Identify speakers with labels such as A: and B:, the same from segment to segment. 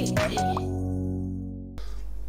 A: Yeah.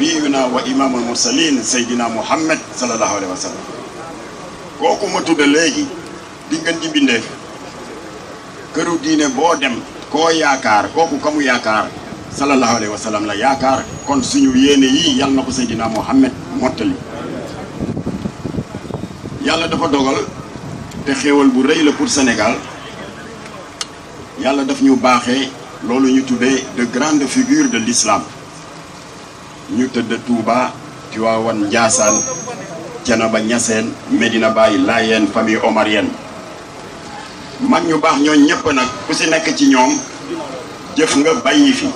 B: nabiyuna wa imaamul mursalin saydina muhammad sallallahu alayhi wa sallam tudd léegi di ngeen ji bindee këru diine boo dem koo yaakaar kooku kamu yaakaar sallallahu alayhi wa sallam la yaakaar kon suñu yéene yi yàlla na ko saydina muhammad mottali yàlla dafa dogal te xéewal bu rëy la pour Sénégal yàlla daf ñu baaxee loolu ñu tuddee de grandes figures de l'islam ñu tëdd tuuba Touba Tiwaawan Njaasaan ba Ñaseen Medina Baye Layeen famille omarienne mag ñu baax ñooñ ñépp nag ku si nekk ci ñoom jëf nga bàyyi fi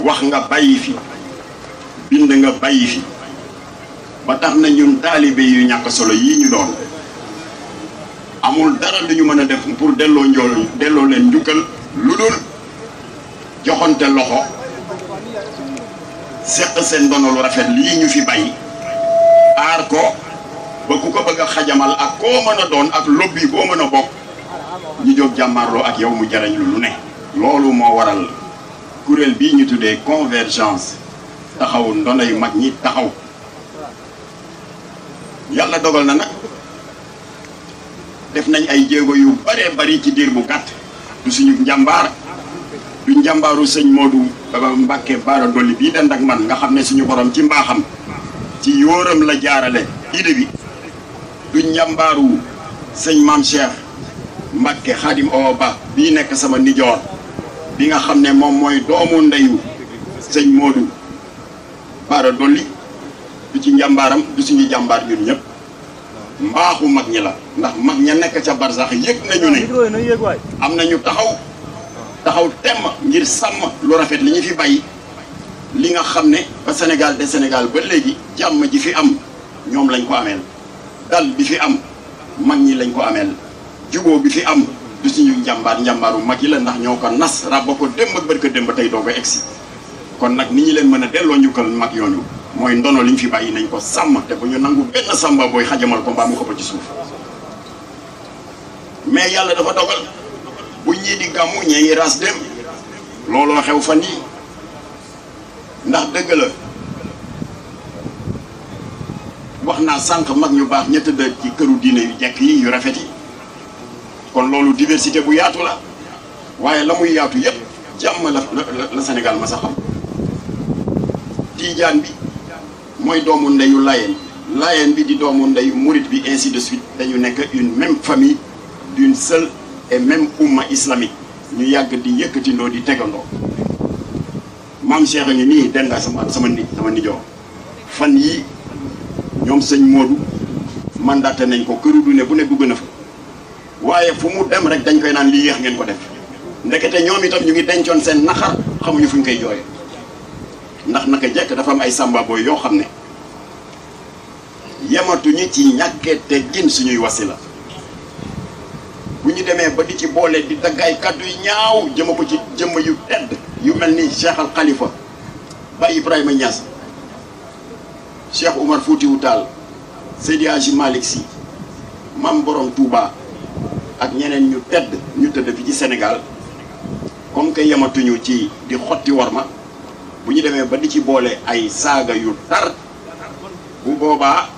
B: wax nga bàyyi fi bind nga bàyyi fi ba tax na ñun taalibe yu ñàkk solo yi ñu doon amul dara lu mën a def pour delloo njool delloo leen njukkal lu dul joxante loxo seq seen dono lu rafet lii ñu fi bay aar ko ba ku ko bëgg xajamal ak ko mën a doon ak lobby boo mën a bokk ñu jóg jàmmarloo ak yow mu jarañ lu lu ne. loolu moo waral kuréel bii ñu tuddee convergence taxaw ndono yu mag ñi taxaw yàlla dogal na nag def nañ ay jéego yu bare bari ci diir bu gàtt du suñu njàmbaar. du njàmbaaru sëñ Modou Mbacke Baara Dolli bii dend ak man nga xam ne suñu borom ci mbaaxam ci yóoram la jaarale idée bi du njàmbaaru sëñ maam Cheikh Mbacke Khadim Awa Ba bii nekk sama nijoor bi nga xam ne moom mooy doomu ndeyu sëñ Modou Baara du ci njàmbaaram du suñu jàmbaar ñun ñëpp mbaaxu mag ñi la ndax mag ña nekk ca barsax yëg nañu ne am nañu taxaw taxaw temm ngir sàmm lu rafet li ñu fi bàyyi li nga xam ne ba Sénégal de Sénégal ba léegi jàmm ji fi am ñoom lañ ko ameel dal bi fi am mag ñi lañ ko ameel juboo bi fi am du suñu njàmbaar njàmbaaru mag yi la ndax ñoo ko nas ràbba ko démb ak bërka démb tey doo ko egsi kon nag ni ñu leen mën a delloo njukkal mag yooyu mooy ndono li ñu fi bàyyi nañ ko sàmm te bu ñu nangu benn sàmba booy xajamal ko mbaa mu xëpp ci suuf mais yàlla dafa dogal bu ñi di gàmmu ñee ras dem lolo xew fa ni ndax deug la waxna sank mag ñu baax ñett da ci këru diine yu jekk yi yu rafet yi kon lolu diversité bu yaatu la waye la muy yaatu yépp jamm la la Sénégal ma sa di jaan bi moy doomu yu layen layen bi di doomu ndeyu mourid bi ainsi de suite dañu nek une même famille d'une seule et même umma islamique ñu yàgg di yëkkatindoo di tegandoo maam Cheikh a ngi nii den daa sama sama ni sama nijoor fan yi ñoom sëñ Modou mandaté nañ ko këru ne bu ne dugg na fa waaye fu mu dem rek dañ koy naan li yéex ngeen ko def ndekete ñoom itam ñu ngi dencoon seen naxar xamuñu fu ñu koy jooyee ndax naka jekk dafa am ay samba yoo xam ne yematuñu ci ñàkkee teggin suñuy la demee ba di ci boole di daggaay kaddu yu ñaaw jëma ko ci jëmm yu tedd yu mel ni Cheikh Al Khalifa Baye Ibrahima Niass Cheikh Oumar Foutiyou Tall Seydi Hadji Malick Sy Mam Borom Touba ak ñeneen ñu tedd ñu tëdd fi ci senegal comme que yematuñu ci di xotti war ma bu ñu demee ba di ci boole ay saaga yu tar bu boobaa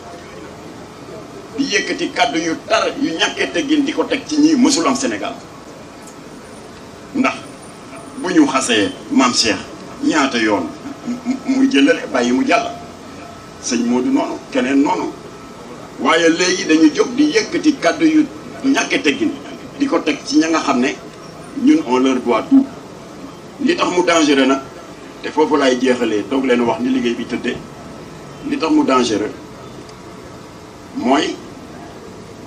B: di yëkëti kaddu yu tar yu ñaké gën diko tek ci ñi musul am sénégal ndax buñu xassé mam cheikh ñaata yoon muy jëlale bayyi mu jall señ modou nonu keneen nonu waye légui dañu jog di yëkëti kaddu yu ñaké gën diko tek ci ña nga xamné ñun on leur doit tout li tax mu dangereux nak té fofu lay jéxalé tok leen wax ni liggéey bi tëddé li tax mu dangereux moy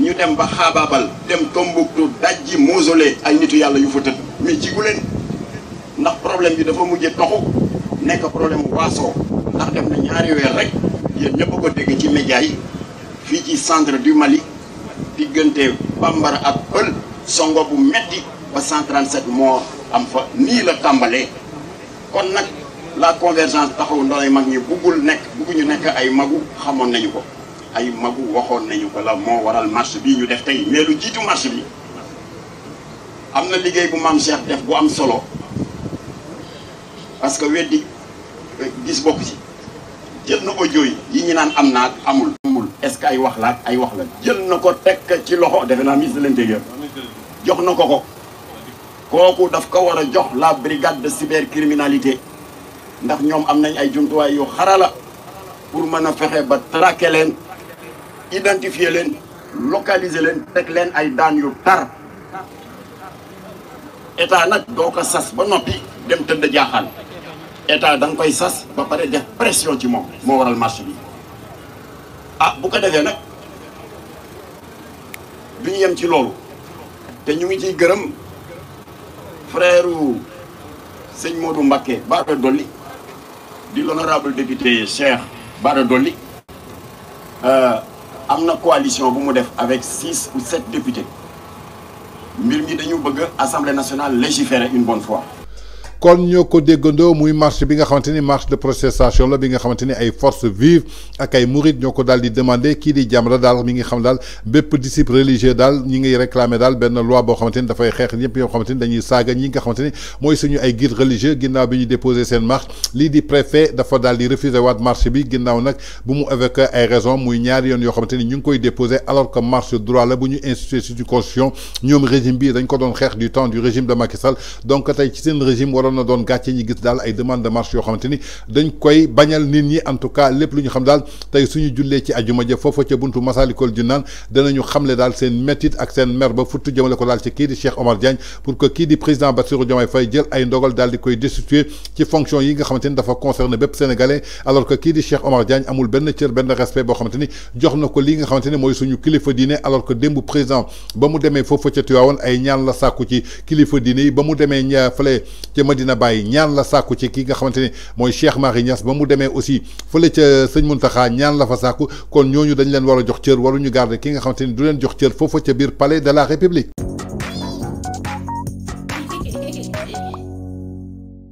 B: ñu dem ba xaabaabal dem Tombouctou dajji mausolée ay nitu yàlla yu fa tëdd mais jigu leen ndax problème bi dafa mujje toxu nekk problème waasoo ndax dem na ñaari weer rek yéen ñëpp ko dégg ci média yi fii ci centre du Mali diggante bambara ak pël songo bu metti ba 137 morts am fa nii la tàmbalee kon nag la convergence taxawu ndoolay mag ñi buggul nekk bugguñu nekk ay magu xamoon nañu ko ay magu waxoon nañu ko la moo waral marché bii ñu def tey mais lu jiitu marche bi am na liggéey bu maam Cheikh def bu am solo parce que weddi gis bopp si jël na ko yi yi ñu naan am naag amul. amul est-ce que ay wax la ay wax la jël na ko teg ci loxo defe naa ministre de l'intérieur jox na ko ko kooku daf ko war a jox la brigade de cybercriminalité ndax ñoom am nañ ay jumtuwaay yu xarala pour mën a fexe ba traquer leen. identifier leen localiser leen teg leen ay daan yu tar état nag doo ko sas ba noppi dem tëdd jaaxaan état da nga koy sas ba pare def pression ci moom moo waral marché bi ah bu ko defee nag bi ñu yem ci loolu te ñu ngi ciy gërëm frère sëñ Modou Mbacké Bara Dolly di l'honorable député Cheikh Bara Dolly euh, une coalition avec 6 ou 7 députés. Nous avons assemblée nationale légiférer une bonne fois
A: kon ñoko déggando muy marche bi nga xamanteni marche de protestation la bi nga xamanteni ay force vive ak ay murit ñoko ko daal di demandé kii di Jamra dal mi ngi xam dal bép disciple religieux dal ñi ngi réclamer dal ben loi bo xamanteni da fay xex ñëpp yo xamanteni dañuy saga ñi nga xamanteni moy suñu ay guide religieux ginnaw bi ñu déposer sen marche li di préfet da fa dal di refuser waat marche bi ginnaw nak bu mu avec ay raison muy ñaar yon yo xamanteni ñu ngi koy déposer alors que marche droit la bu ñu institué suñu constitution ñom régime bi dañ ko don xex du temps du régime de Macky Sall donc tay ci sen régime waroon waroon na don gàcce ñi gis daal ay demande de marche yoo xamante ni dañ koy bañal nit ñi en tout cas lépp lu ñu xam daal tey suñu jullee ci ajuma ja foofa ca buntu Massalikul Jinaan danañu xamle daal seen métit ak seen mer ba futt jëmale ko daal ci kii di Cheikh Omar Diagne pour que kii di président Bassirou Diomaye fay jël ay ndogal daal di koy destituer ci fonction yi nga xamante ni dafa concerné bépp sénégalais alors que kii di Cheikh Omar Diagne amul benn cër benn respect boo xamante ni jox na ko li nga xamante ni mooy suñu kilifa diine alors que démb président ba mu demee foofa ca Tiwaawoon ay ñaan la sàkku ci kilifa diine yi ba mu demee fale ca Medina Baye ñaan la sàkku ci ki nga xamante ne mooy Cheikh Mahi Niass ba mu demee aussi fële ca sëñ Mountakha ñaan la fa sàkku kon ñooñu dañ leen war a jox cër waruñu garder ki nga xamante ni du leen jox cër foofa ca biir palais de la république